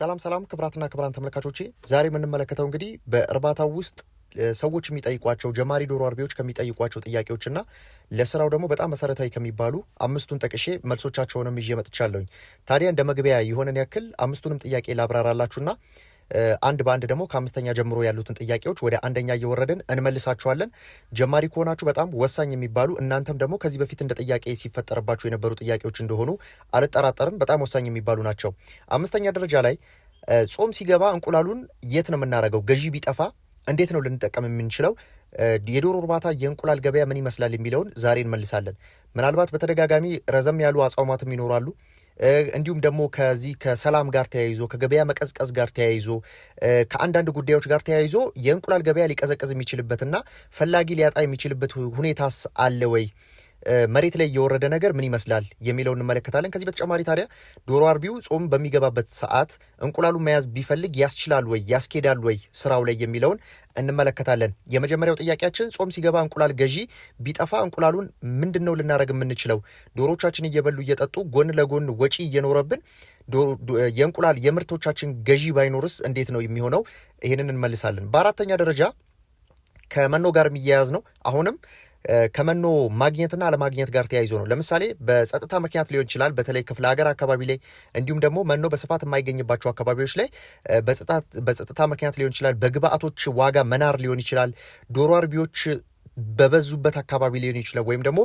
ሰላም ሰላም ክብራትና ክብራን ተመልካቾቼ ዛሬ የምንመለከተው እንግዲህ በእርባታው ውስጥ ሰዎች የሚጠይቋቸው ጀማሪ ዶሮ አርቢዎች ከሚጠይቋቸው ጥያቄዎችና ለስራው ደግሞ በጣም መሰረታዊ ከሚባሉ አምስቱን ጠቅሼ መልሶቻቸውንም ይዤ መጥቻለሁኝ። ታዲያ እንደ መግቢያ የሆነን ያክል አምስቱንም ጥያቄ ላብራራላችሁና አንድ በአንድ ደግሞ ከአምስተኛ ጀምሮ ያሉትን ጥያቄዎች ወደ አንደኛ እየወረድን እንመልሳችኋለን። ጀማሪ ከሆናችሁ በጣም ወሳኝ የሚባሉ እናንተም ደግሞ ከዚህ በፊት እንደ ጥያቄ ሲፈጠርባችሁ የነበሩ ጥያቄዎች እንደሆኑ አልጠራጠርም። በጣም ወሳኝ የሚባሉ ናቸው። አምስተኛ ደረጃ ላይ ጾም ሲገባ እንቁላሉን የት ነው የምናደርገው? ገዢ ቢጠፋ እንዴት ነው ልንጠቀም የምንችለው? የዶሮ እርባታ የእንቁላል ገበያ ምን ይመስላል የሚለውን ዛሬ እንመልሳለን። ምናልባት በተደጋጋሚ ረዘም ያሉ አጽዋማትም ይኖራሉ። እንዲሁም ደግሞ ከዚህ ከሰላም ጋር ተያይዞ ከገበያ መቀዝቀዝ ጋር ተያይዞ ከአንዳንድ ጉዳዮች ጋር ተያይዞ የእንቁላል ገበያ ሊቀዘቀዝ የሚችልበትና ፈላጊ ሊያጣ የሚችልበት ሁኔታስ አለ ወይ? መሬት ላይ የወረደ ነገር ምን ይመስላል የሚለው እንመለከታለን። ከዚህ በተጨማሪ ታዲያ ዶሮ አርቢው ጾም በሚገባበት ሰዓት እንቁላሉ መያዝ ቢፈልግ ያስችላል ወይ ያስኬዳል ወይ ስራው ላይ የሚለውን እንመለከታለን። የመጀመሪያው ጥያቄያችን ጾም ሲገባ እንቁላል ገዢ ቢጠፋ እንቁላሉን ምንድን ነው ልናደረግ የምንችለው? ዶሮቻችን እየበሉ እየጠጡ ጎን ለጎን ወጪ እየኖረብን የእንቁላል የምርቶቻችን ገዢ ባይኖርስ እንዴት ነው የሚሆነው? ይህንን እንመልሳለን። በአራተኛ ደረጃ ከመኖ ጋር የሚያያዝ ነው አሁንም ከመኖ ማግኘትና አለማግኘት ጋር ተያይዞ ነው። ለምሳሌ በጸጥታ ምክንያት ሊሆን ይችላል። በተለይ ክፍለ ሀገር አካባቢ ላይ እንዲሁም ደግሞ መኖ በስፋት የማይገኝባቸው አካባቢዎች ላይ በጸጥታ ምክንያት ሊሆን ይችላል። በግብአቶች ዋጋ መናር ሊሆን ይችላል። ዶሮ አርቢዎች በበዙበት አካባቢ ሊሆን ይችላል ወይም ደግሞ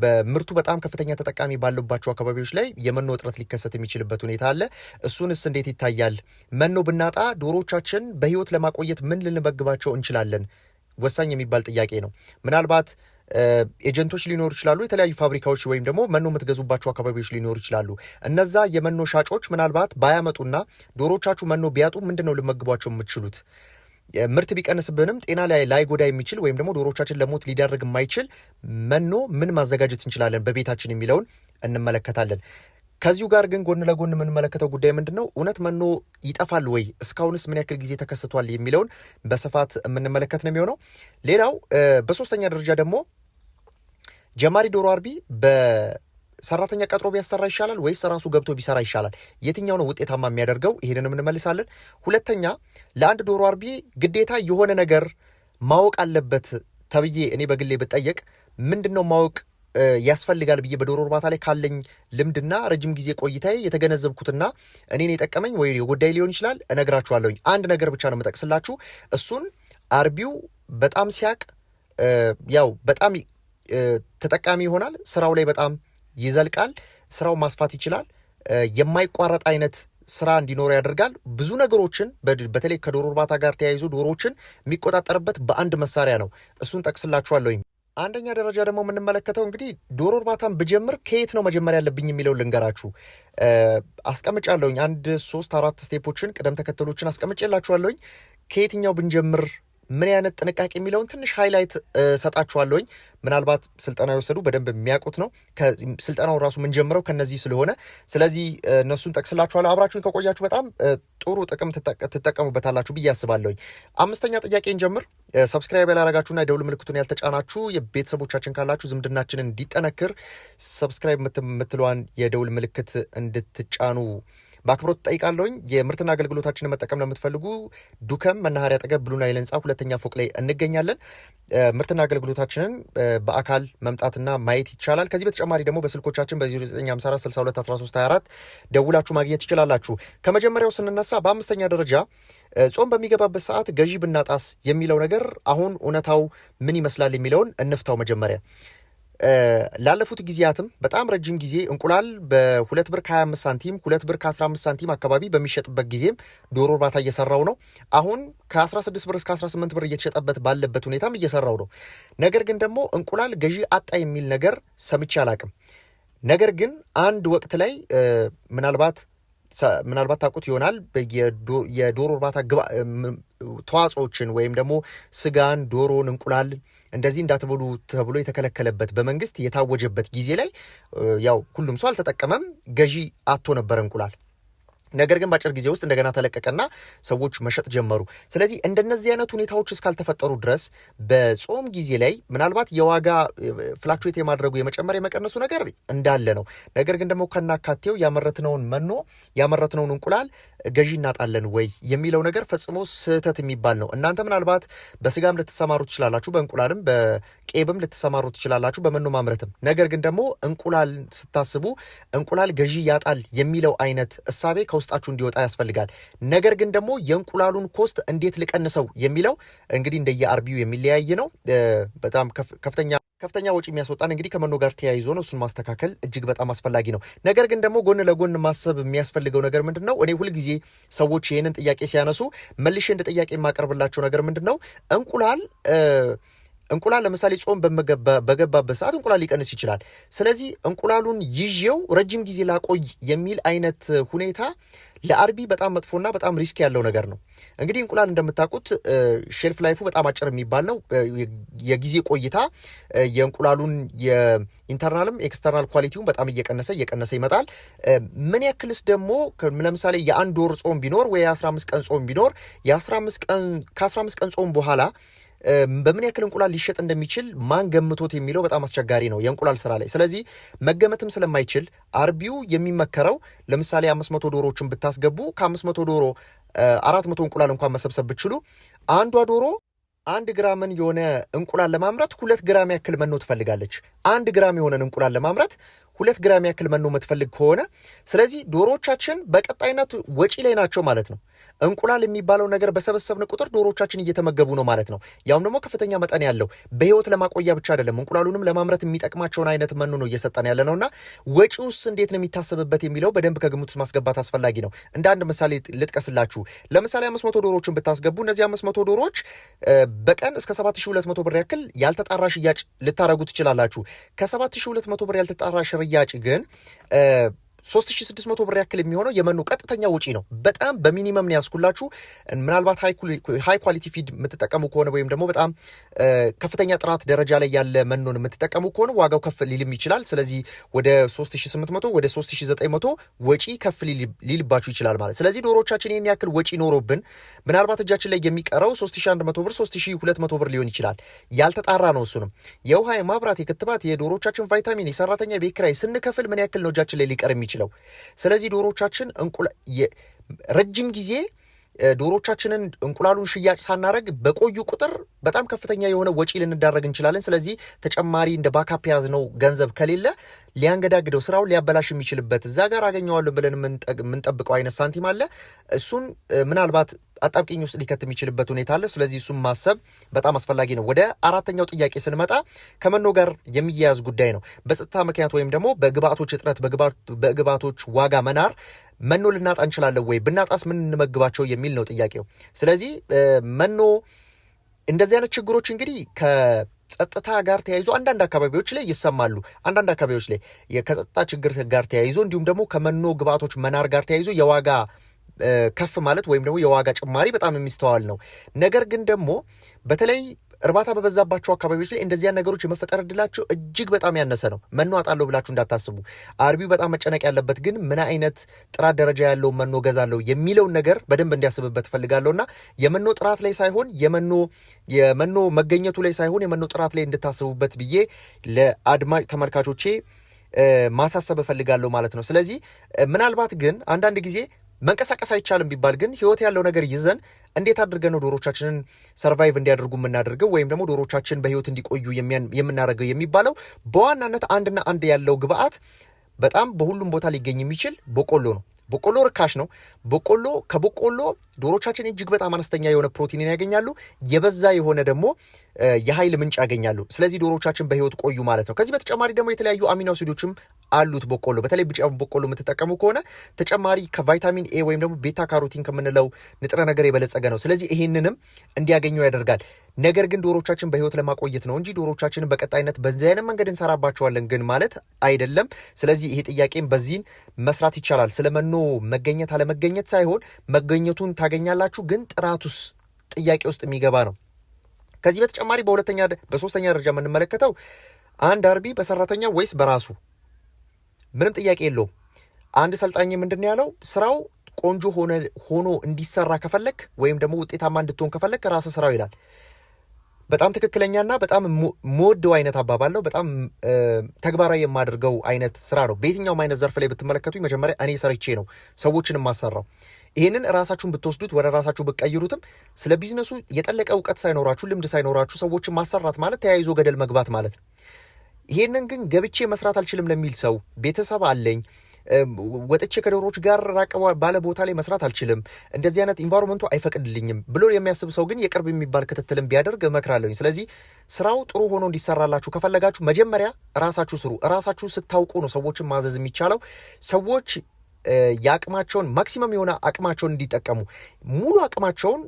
በምርቱ በጣም ከፍተኛ ተጠቃሚ ባሉባቸው አካባቢዎች ላይ የመኖ እጥረት ሊከሰት የሚችልበት ሁኔታ አለ። እሱንስ እንዴት ይታያል? መኖ ብናጣ ዶሮቻችን በህይወት ለማቆየት ምን ልንመግባቸው እንችላለን? ወሳኝ የሚባል ጥያቄ ነው። ምናልባት ኤጀንቶች ሊኖሩ ይችላሉ። የተለያዩ ፋብሪካዎች ወይም ደግሞ መኖ የምትገዙባቸው አካባቢዎች ሊኖሩ ይችላሉ። እነዛ የመኖ ሻጮች ምናልባት ባያመጡና ዶሮቻችሁ መኖ ቢያጡ ምንድን ነው ልመግቧቸው የምትችሉት? ምርት ቢቀንስብንም ጤና ላይ ላይጎዳ የሚችል ወይም ደግሞ ዶሮቻችን ለሞት ሊዳርግ የማይችል መኖ ምን ማዘጋጀት እንችላለን በቤታችን የሚለውን እንመለከታለን። ከዚሁ ጋር ግን ጎን ለጎን የምንመለከተው ጉዳይ ምንድን ነው? እውነት መኖ ይጠፋል ወይ? እስካሁንስ ምን ያክል ጊዜ ተከስቷል? የሚለውን በስፋት የምንመለከት ነው የሚሆነው። ሌላው በሶስተኛ ደረጃ ደግሞ ጀማሪ ዶሮ አርቢ በሰራተኛ ቀጥሮ ቢያሰራ ይሻላል ወይስ ራሱ ገብቶ ቢሰራ ይሻላል? የትኛው ነው ውጤታማ የሚያደርገው? ይህንንም እንመልሳለን። ሁለተኛ ለአንድ ዶሮ አርቢ ግዴታ የሆነ ነገር ማወቅ አለበት ተብዬ እኔ በግሌ ብጠየቅ ምንድን ነው ማወቅ ያስፈልጋል ብዬ በዶሮ እርባታ ላይ ካለኝ ልምድና ረጅም ጊዜ ቆይታዬ የተገነዘብኩትና እኔን የጠቀመኝ ወይ ጉዳይ ሊሆን ይችላል እነግራችኋለሁኝ። አንድ ነገር ብቻ ነው የምጠቅስላችሁ። እሱን አርቢው በጣም ሲያቅ ያው በጣም ተጠቃሚ ይሆናል። ስራው ላይ በጣም ይዘልቃል። ስራው ማስፋት ይችላል። የማይቋረጥ አይነት ስራ እንዲኖረው ያደርጋል። ብዙ ነገሮችን በተለይ ከዶሮ እርባታ ጋር ተያይዞ ዶሮዎችን የሚቆጣጠርበት በአንድ መሳሪያ ነው። እሱን ጠቅስላችኋለሁ አንደኛ ደረጃ ደግሞ የምንመለከተው እንግዲህ ዶሮ እርባታን ብጀምር ከየት ነው መጀመሪያ ያለብኝ የሚለው ልንገራችሁ። አስቀምጫለሁኝ አንድ ሶስት አራት ስቴፖችን ቅደም ተከተሎችን አስቀምጬላችኋለሁኝ። ከየትኛው ብንጀምር ምን አይነት ጥንቃቄ የሚለውን ትንሽ ሃይላይት ሰጣችኋለሁኝ። ምናልባት ስልጠና የወሰዱ በደንብ የሚያውቁት ነው። ስልጠናው ራሱ ጀምረው ከነዚህ ስለሆነ ስለዚህ እነሱን ጠቅስላችኋለሁ። አብራችሁን ከቆያችሁ በጣም ጥሩ ጥቅም ትጠቀሙበታላችሁ ብዬ አስባለሁኝ። አምስተኛ ጥያቄን ጀምር። ሰብስክራይብ ያላረጋችሁና የደውል ምልክቱን ያልተጫናችሁ የቤተሰቦቻችን ካላችሁ ዝምድናችንን እንዲጠነክር ሰብስክራይብ የምትለዋን የደውል ምልክት እንድትጫኑ በአክብሮት ጠይቃለሁኝ። የምርትና አገልግሎታችንን መጠቀም ለምትፈልጉ ዱከም መናኸሪያ አጠገብ ብሉ ናይል ህንፃ ሁለተኛ ፎቅ ላይ እንገኛለን። ምርትና አገልግሎታችንን በአካል መምጣትና ማየት ይቻላል። ከዚህ በተጨማሪ ደግሞ በስልኮቻችን በ0954621324 ደውላችሁ ማግኘት ይችላላችሁ። ከመጀመሪያው ስንነሳ በአምስተኛ ደረጃ ጾም በሚገባበት ሰዓት ገዢ ብናጣስ የሚለው ነገር አሁን እውነታው ምን ይመስላል የሚለውን እንፍታው መጀመሪያ ላለፉት ጊዜያትም በጣም ረጅም ጊዜ እንቁላል በሁለት ብር ከ25 ሳንቲም ሁለት ብር ከ15 ሳንቲም አካባቢ በሚሸጥበት ጊዜም ዶሮ እርባታ እየሰራው ነው። አሁን ከ16 ብር እስከ 18 ብር እየተሸጠበት ባለበት ሁኔታም እየሰራው ነው። ነገር ግን ደግሞ እንቁላል ገዢ አጣ የሚል ነገር ሰምቼ አላቅም። ነገር ግን አንድ ወቅት ላይ ምናልባት ምናልባት ታውቁት ይሆናል የዶሮ እርባታ ተዋጽኦችን ወይም ደግሞ ስጋን፣ ዶሮን፣ እንቁላል እንደዚህ እንዳትበሉ ተብሎ የተከለከለበት በመንግስት የታወጀበት ጊዜ ላይ ያው ሁሉም ሰው አልተጠቀመም። ገዢ አቶ ነበረ እንቁላል ነገር ግን በአጭር ጊዜ ውስጥ እንደገና ተለቀቀና ሰዎች መሸጥ ጀመሩ። ስለዚህ እንደነዚህ አይነት ሁኔታዎች እስካልተፈጠሩ ድረስ በጾም ጊዜ ላይ ምናልባት የዋጋ ፍላክቹዌት የማድረጉ የመጨመር የመቀነሱ ነገር እንዳለ ነው። ነገር ግን ደግሞ ከናካቴው ያመረትነውን መኖ ያመረትነውን እንቁላል ገዢ እናጣለን ወይ የሚለው ነገር ፈጽሞ ስህተት የሚባል ነው። እናንተ ምናልባት በስጋም ልትሰማሩ ትችላላችሁ፣ በእንቁላልም ቄብም ልትሰማሩ ትችላላችሁ፣ በመኖ ማምረትም። ነገር ግን ደግሞ እንቁላል ስታስቡ እንቁላል ገዢ ያጣል የሚለው አይነት እሳቤ ከውስጣችሁ እንዲወጣ ያስፈልጋል። ነገር ግን ደግሞ የእንቁላሉን ኮስት እንዴት ልቀንሰው የሚለው እንግዲህ እንደየ አርቢው የሚለያይ ነው። በጣም ከፍተኛ ከፍተኛ ወጪ የሚያስወጣን እንግዲህ ከመኖ ጋር ተያይዞ ነው። እሱን ማስተካከል እጅግ በጣም አስፈላጊ ነው። ነገር ግን ደግሞ ጎን ለጎን ማሰብ የሚያስፈልገው ነገር ምንድን ነው? እኔ ሁልጊዜ ሰዎች ይህንን ጥያቄ ሲያነሱ መልሼ እንደ ጥያቄ የማቀርብላቸው ነገር ምንድን ነው እንቁላል እንቁላል ለምሳሌ ጾም በገባበት ሰዓት እንቁላል ሊቀንስ ይችላል። ስለዚህ እንቁላሉን ይዤው ረጅም ጊዜ ላቆይ የሚል አይነት ሁኔታ ለአርቢ በጣም መጥፎና በጣም ሪስክ ያለው ነገር ነው። እንግዲህ እንቁላል እንደምታውቁት ሼልፍ ላይፉ በጣም አጭር የሚባል ነው። የጊዜ ቆይታ የእንቁላሉን የኢንተርናልም ኤክስተርናል ኳሊቲውን በጣም እየቀነሰ እየቀነሰ ይመጣል። ምን ያክልስ ደግሞ ለምሳሌ የአንድ ወር ጾም ቢኖር ወይ የ15 ቀን ጾም ቢኖር ከ15 ቀን ጾም በኋላ በምን ያክል እንቁላል ሊሸጥ እንደሚችል ማን ገምቶት የሚለው በጣም አስቸጋሪ ነው የእንቁላል ስራ ላይ። ስለዚህ መገመትም ስለማይችል አርቢው የሚመከረው ለምሳሌ አምስት መቶ ዶሮዎችን ብታስገቡ ከአምስት መቶ ዶሮ አራት መቶ እንቁላል እንኳን መሰብሰብ ብችሉ አንዷ ዶሮ አንድ ግራምን የሆነ እንቁላል ለማምረት ሁለት ግራም ያክል መኖ ትፈልጋለች። አንድ ግራም የሆነን እንቁላል ለማምረት ሁለት ግራም ያክል መኖ የምትፈልግ ከሆነ ስለዚህ ዶሮዎቻችን በቀጣይነት ወጪ ላይ ናቸው ማለት ነው። እንቁላል የሚባለው ነገር በሰበሰብን ቁጥር ዶሮቻችን እየተመገቡ ነው ማለት ነው። ያውም ደግሞ ከፍተኛ መጠን ያለው በህይወት ለማቆያ ብቻ አይደለም እንቁላሉንም ለማምረት የሚጠቅማቸውን አይነት መኖ ነው እየሰጠን ያለ ነውና ወጪውስ እንዴት ነው የሚታሰብበት የሚለው በደንብ ከግምት ውስጥ ማስገባት አስፈላጊ ነው። እንደ አንድ ምሳሌ ልጥቀስላችሁ። ለምሳሌ አምስት መቶ ዶሮዎችን ብታስገቡ እነዚህ አምስት መቶ ዶሮዎች በቀን እስከ ሰባት ሺህ ሁለት መቶ ብር ያክል ያልተጣራ ሽያጭ ልታረጉ ትችላላችሁ። ከሰባት ሺህ ሁለት መቶ ብር ያልተጣራ ሽያጭ ግን 3600 ብር ያክል የሚሆነው የመኖ ቀጥተኛ ወጪ ነው። በጣም በሚኒመም ነው ያስኩላችሁ። ምናልባት ሃይ ኳሊቲ ፊድ የምትጠቀሙ ከሆነ ወይም ደግሞ በጣም ከፍተኛ ጥራት ደረጃ ላይ ያለ መኖን የምትጠቀሙ ከሆነ ዋጋው ከፍ ሊልም ይችላል። ስለዚህ ወደ 3800 ወደ 3900 ወጪ ከፍ ሊልባችሁ ይችላል ማለት። ስለዚህ ዶሮቻችን ይህን ያክል ወጪ ኖሮብን ምናልባት እጃችን ላይ የሚቀረው 3100 ብር፣ 3200 ብር ሊሆን ይችላል። ያልተጣራ ነው። እሱንም የውሃ የማብራት የክትባት የዶሮቻችን ቫይታሚን የሰራተኛ ቤት ኪራይ ስንከፍል ምን ያክል ነው እጃችን ላይ ሊቀር የሚችል የሚችለው። ስለዚህ ዶሮቻችን ረጅም ጊዜ ዶሮቻችንን እንቁላሉን ሽያጭ ሳናደረግ በቆዩ ቁጥር በጣም ከፍተኛ የሆነ ወጪ ልንዳረግ እንችላለን። ስለዚህ ተጨማሪ እንደ ባካፕ የያዝነው ገንዘብ ከሌለ ሊያንገዳግደው ስራውን ሊያበላሽ የሚችልበት እዛ ጋር አገኘዋለሁ ብለን የምንጠብቀው አይነት ሳንቲም አለ። እሱን ምናልባት አጣብቂኝ ውስጥ ሊከት የሚችልበት ሁኔታ አለ። ስለዚህ እሱም ማሰብ በጣም አስፈላጊ ነው። ወደ አራተኛው ጥያቄ ስንመጣ ከመኖ ጋር የሚያያዝ ጉዳይ ነው። በጸጥታ ምክንያት ወይም ደግሞ በግብአቶች እጥረት፣ በግብአቶች ዋጋ መናር መኖ ልናጣ እንችላለን ወይ? ብናጣስ ምን እንመግባቸው የሚል ነው ጥያቄው። ስለዚህ መኖ እንደዚህ አይነት ችግሮች እንግዲህ ከጸጥታ ጋር ተያይዞ አንዳንድ አካባቢዎች ላይ ይሰማሉ። አንዳንድ አካባቢዎች ላይ ከጸጥታ ችግር ጋር ተያይዞ እንዲሁም ደግሞ ከመኖ ግብዓቶች መናር ጋር ተያይዞ የዋጋ ከፍ ማለት ወይም ደግሞ የዋጋ ጭማሪ በጣም የሚስተዋል ነው። ነገር ግን ደግሞ በተለይ እርባታ በበዛባቸው አካባቢዎች ላይ እንደዚያ ነገሮች የመፈጠር እድላቸው እጅግ በጣም ያነሰ ነው። መኖ አጣለሁ ብላችሁ እንዳታስቡ። አርቢው በጣም መጨነቅ ያለበት ግን ምን አይነት ጥራት ደረጃ ያለው መኖ ገዛለሁ የሚለውን ነገር በደንብ እንዲያስብበት እና የመኖ ጥራት ላይ ሳይሆን የመኖ የመኖ መገኘቱ ላይ ሳይሆን የመኖ ጥራት ላይ እንድታስቡበት ብዬ ለአድማጭ ተመልካቾቼ ማሳሰብ እፈልጋለሁ ማለት ነው። ስለዚህ ምናልባት ግን አንዳንድ ጊዜ መንቀሳቀስ አይቻልም ቢባል ግን ህይወት ያለው ነገር ይዘን እንዴት አድርገን ነው ዶሮቻችንን ሰርቫይቭ እንዲያደርጉ የምናደርገው ወይም ደግሞ ዶሮቻችን በህይወት እንዲቆዩ የምናደርገው የሚባለው በዋናነት አንድና አንድ ያለው ግብአት በጣም በሁሉም ቦታ ሊገኝ የሚችል በቆሎ ነው። በቆሎ ርካሽ ነው። በቆሎ ከበቆሎ ዶሮቻችን እጅግ በጣም አነስተኛ የሆነ ፕሮቲንን ያገኛሉ። የበዛ የሆነ ደግሞ የኃይል ምንጭ ያገኛሉ። ስለዚህ ዶሮቻችን በህይወት ቆዩ ማለት ነው። ከዚህ በተጨማሪ ደግሞ የተለያዩ አሚኖ አሲዶችም አሉት በቆሎ። በተለይ ቢጫ በቆሎ የምትጠቀሙ ከሆነ ተጨማሪ ከቫይታሚን ኤ ወይም ደግሞ ቤታ ካሮቲን ከምንለው ንጥረ ነገር የበለጸገ ነው። ስለዚህ ይህንንም እንዲያገኘው ያደርጋል። ነገር ግን ዶሮቻችን በህይወት ለማቆየት ነው እንጂ ዶሮቻችንን በቀጣይነት በዚህ አይነት መንገድ እንሰራባቸዋለን ግን ማለት አይደለም። ስለዚህ ይሄ ጥያቄም በዚህን መስራት ይቻላል ስለመኖ መገኘት አለመገኘት ሳይሆን መገኘቱን ታገኛላችሁ፣ ግን ጥራቱስ ጥያቄ ውስጥ የሚገባ ነው። ከዚህ በተጨማሪ በሁለተኛ በሶስተኛ ደረጃ የምንመለከተው አንድ አርቢ በሰራተኛ ወይስ በራሱ ምንም ጥያቄ የለውም። አንድ ሰልጣኝ ምንድን ያለው ስራው ቆንጆ ሆኖ እንዲሰራ ከፈለክ ወይም ደግሞ ውጤታማ እንድትሆን ከፈለክ ራስ ስራው ይላል። በጣም ትክክለኛና በጣም መወደው አይነት አባባል ነው። በጣም ተግባራዊ የማደርገው አይነት ስራ ነው። በየትኛውም አይነት ዘርፍ ላይ ብትመለከቱኝ መጀመሪያ እኔ ሰርቼ ነው ሰዎችን የማሰራው። ይህንን ራሳችሁን ብትወስዱት ወደ ራሳችሁ ብትቀይሩትም ስለ ቢዝነሱ የጠለቀ እውቀት ሳይኖራችሁ ልምድ ሳይኖራችሁ ሰዎችን ማሰራት ማለት ተያይዞ ገደል መግባት ማለት ነው። ይህንን ግን ገብቼ መስራት አልችልም ለሚል ሰው ቤተሰብ አለኝ ወጥቼ ከዶሮዎች ጋር ራቅ ባለ ቦታ ላይ መስራት አልችልም፣ እንደዚህ አይነት ኢንቫይሮመንቱ አይፈቅድልኝም ብሎ የሚያስብ ሰው ግን የቅርብ የሚባል ክትትልም ቢያደርግ እመክራለሁኝ። ስለዚህ ስራው ጥሩ ሆኖ እንዲሰራላችሁ ከፈለጋችሁ መጀመሪያ ራሳችሁ ስሩ። ራሳችሁ ስታውቁ ነው ሰዎችን ማዘዝ የሚቻለው። ሰዎች የአቅማቸውን ማክሲመም የሆነ አቅማቸውን እንዲጠቀሙ ሙሉ አቅማቸውን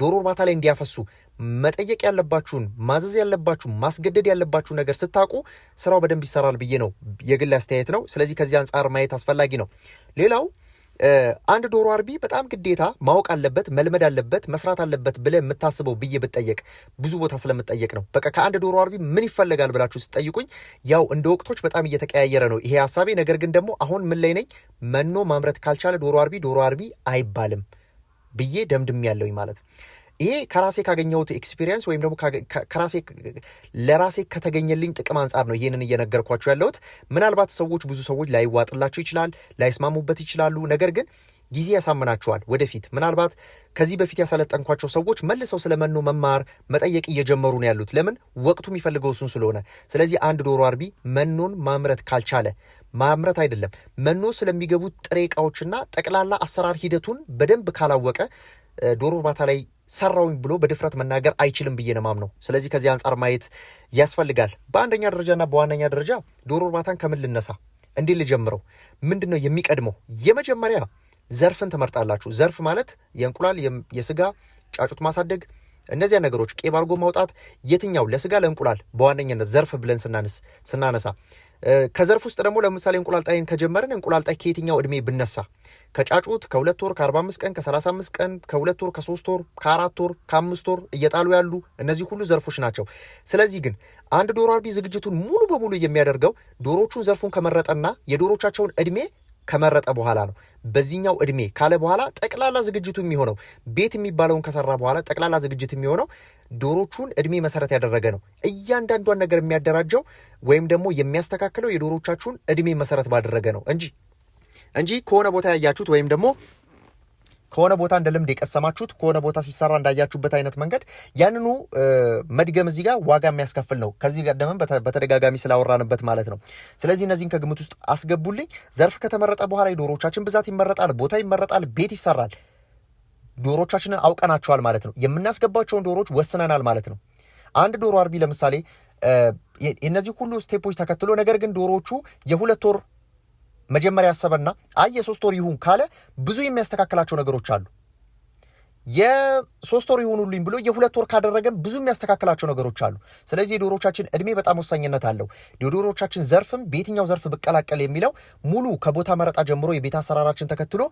ዶሮ እርባታ ላይ እንዲያፈሱ መጠየቅ ያለባችሁን ማዘዝ ያለባችሁን ማስገደድ ያለባችሁ ነገር ስታውቁ ስራው በደንብ ይሰራል ብዬ ነው፣ የግል አስተያየት ነው። ስለዚህ ከዚህ አንጻር ማየት አስፈላጊ ነው። ሌላው አንድ ዶሮ አርቢ በጣም ግዴታ ማወቅ አለበት መልመድ አለበት መስራት አለበት ብለህ የምታስበው ብዬ ብጠየቅ ብዙ ቦታ ስለምጠየቅ ነው። በቃ ከአንድ ዶሮ አርቢ ምን ይፈለጋል ብላችሁ ስጠይቁኝ ያው እንደ ወቅቶች በጣም እየተቀያየረ ነው ይሄ ሀሳቤ። ነገር ግን ደግሞ አሁን ምን ላይ ነኝ? መኖ ማምረት ካልቻለ ዶሮ አርቢ ዶሮ አርቢ አይባልም ብዬ ደምድም ያለውኝ ማለት ይሄ ከራሴ ካገኘሁት ኤክስፒሪየንስ ወይም ደግሞ ከራሴ ለራሴ ከተገኘልኝ ጥቅም አንጻር ነው ይህንን እየነገርኳቸው ያለሁት። ምናልባት ሰዎች ብዙ ሰዎች ላይዋጥላቸው ይችላል፣ ላይስማሙበት ይችላሉ። ነገር ግን ጊዜ ያሳምናቸዋል። ወደፊት ምናልባት ከዚህ በፊት ያሰለጠንኳቸው ሰዎች መልሰው ስለ መኖ መማር መጠየቅ እየጀመሩ ነው ያሉት። ለምን ወቅቱ የሚፈልገው እሱን ስለሆነ። ስለዚህ አንድ ዶሮ አርቢ መኖን ማምረት ካልቻለ ማምረት አይደለም መኖ ስለሚገቡት ጥሬ እቃዎችና ጠቅላላ አሰራር ሂደቱን በደንብ ካላወቀ ዶሮ እርባታ ላይ ሰራውኝ ብሎ በድፍረት መናገር አይችልም ብዬ ነው ማምነው። ስለዚህ ከዚህ አንጻር ማየት ያስፈልጋል። በአንደኛ ደረጃና በዋነኛ ደረጃ ዶሮ እርባታን ከምን ልነሳ፣ እንዴት ልጀምረው፣ ምንድን ነው የሚቀድመው? የመጀመሪያ ዘርፍን ትመርጣላችሁ። ዘርፍ ማለት የእንቁላል፣ የስጋ፣ ጫጩት ማሳደግ እነዚያ ነገሮች ቄብ አድርጎ ማውጣት፣ የትኛው ለስጋ ለእንቁላል በዋነኝነት ዘርፍ ብለን ስናነሳ ከዘርፍ ውስጥ ደግሞ ለምሳሌ እንቁላል ጣይን ከጀመርን እንቁላል ጣይ ከየትኛው እድሜ ብነሳ ከጫጩት ከሁለት ወር ከ45 ቀን ከ35 ቀን ከሁለት ወር 3 ወር ከአራት ወር ከአምስት ወር እየጣሉ ያሉ እነዚህ ሁሉ ዘርፎች ናቸው። ስለዚህ ግን አንድ ዶሮ አርቢ ዝግጅቱን ሙሉ በሙሉ የሚያደርገው ዶሮቹን ዘርፉን ከመረጠና የዶሮቻቸውን እድሜ ከመረጠ በኋላ ነው። በዚህኛው እድሜ ካለ በኋላ ጠቅላላ ዝግጅቱ የሚሆነው ቤት የሚባለውን ከሰራ በኋላ ጠቅላላ ዝግጅት የሚሆነው ዶሮቹን እድሜ መሰረት ያደረገ ነው። እያንዳንዷን ነገር የሚያደራጀው ወይም ደግሞ የሚያስተካክለው የዶሮቻችሁን እድሜ መሰረት ባደረገ ነው እንጂ እንጂ ከሆነ ቦታ ያያችሁት ወይም ደግሞ ከሆነ ቦታ እንደ ልምድ የቀሰማችሁት ከሆነ ቦታ ሲሰራ እንዳያችሁበት አይነት መንገድ ያንኑ መድገም እዚህ ጋር ዋጋ የሚያስከፍል ነው። ከዚህ ቀደምም በተደጋጋሚ ስላወራንበት ማለት ነው። ስለዚህ እነዚህን ከግምት ውስጥ አስገቡልኝ። ዘርፍ ከተመረጠ በኋላ የዶሮቻችን ብዛት ይመረጣል፣ ቦታ ይመረጣል፣ ቤት ይሰራል። ዶሮቻችንን አውቀናቸዋል ማለት ነው። የምናስገባቸውን ዶሮዎች ወስነናል ማለት ነው። አንድ ዶሮ አርቢ ለምሳሌ እነዚህ ሁሉ ስቴፖች ተከትሎ ነገር ግን ዶሮዎቹ የሁለት ወር መጀመሪያ ያሰበና አይ የሶስት ወር ይሁን ካለ ብዙ የሚያስተካክላቸው ነገሮች አሉ። የሶስት ወር ይሁኑልኝ ብሎ የሁለት ወር ካደረገም ብዙ የሚያስተካክላቸው ነገሮች አሉ። ስለዚህ የዶሮቻችን እድሜ በጣም ወሳኝነት አለው። የዶሮቻችን ዘርፍም በየትኛው ዘርፍ ብቀላቀል የሚለው ሙሉ ከቦታ መረጣ ጀምሮ የቤት አሰራራችን ተከትሎ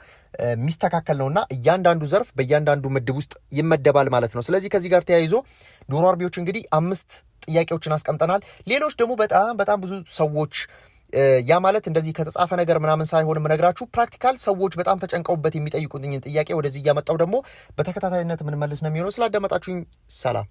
የሚስተካከል ነውና እያንዳንዱ ዘርፍ በእያንዳንዱ ምድብ ውስጥ ይመደባል ማለት ነው። ስለዚህ ከዚህ ጋር ተያይዞ ዶሮ አርቢዎች እንግዲህ አምስት ጥያቄዎችን አስቀምጠናል። ሌሎች ደግሞ በጣም በጣም ብዙ ሰዎች ያ ማለት እንደዚህ ከተጻፈ ነገር ምናምን ሳይሆን የምነግራችሁ ፕራክቲካል ሰዎች በጣም ተጨንቀውበት የሚጠይቁኝን ጥያቄ ወደዚህ እያመጣው ደግሞ በተከታታይነት የምንመልስ ነው የሚሆነው። ስላዳመጣችሁኝ ሰላም።